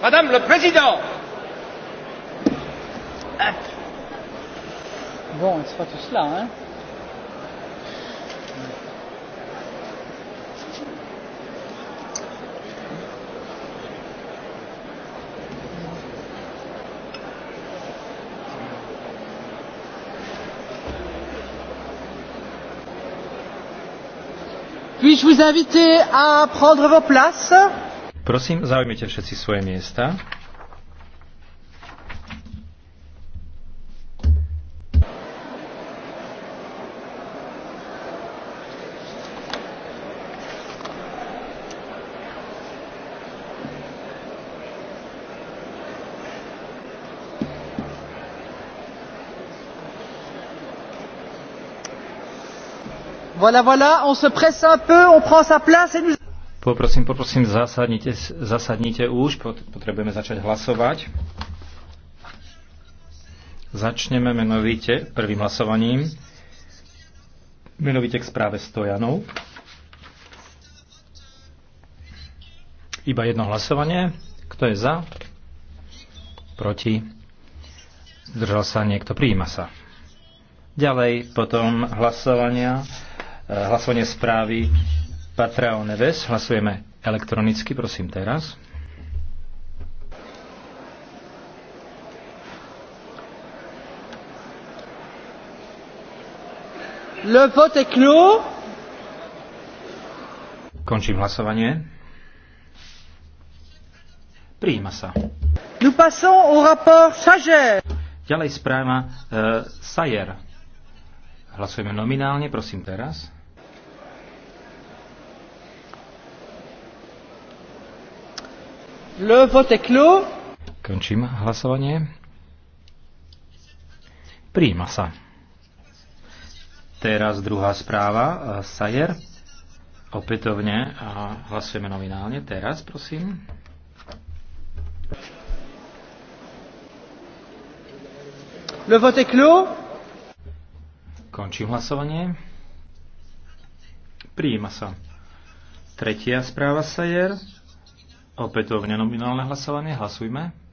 Madame le Président Bon, il sera tout cela, hein Puis-je vous inviter à prendre vos places Prosím, zaujmite všetci svoje miesta. Voilà, voilà, on se presse un peu, on prend sa place et nous... Poprosím, poprosím, zasadnite, zasadnite už, potrebujeme začať hlasovať. Začneme menovite prvým hlasovaním. Menovite k správe Stojanov. Iba jedno hlasovanie. Kto je za? Proti? Zdržal sa niekto? Prijíma sa. Ďalej potom hlasovania, eh, hlasovanie správy Patrao Neves. Hlasujeme elektronicky, prosím teraz. Le vote est clos. Končím hlasovanie. Prijíma sa. Nous passons au rapport Sager. Ďalej správa e, Sayer. Hlasujeme nominálne, prosím teraz. Le vote est clos. Končím hlasovanie. Príjima sa. Teraz druhá správa. E, Sajer. Opätovne a hlasujeme nominálne. Teraz, prosím. Le vote est clos. Končím hlasovanie. Prijíma sa. Tretia správa Sajer. Opätovne nominálne hlasovanie. Hlasujme.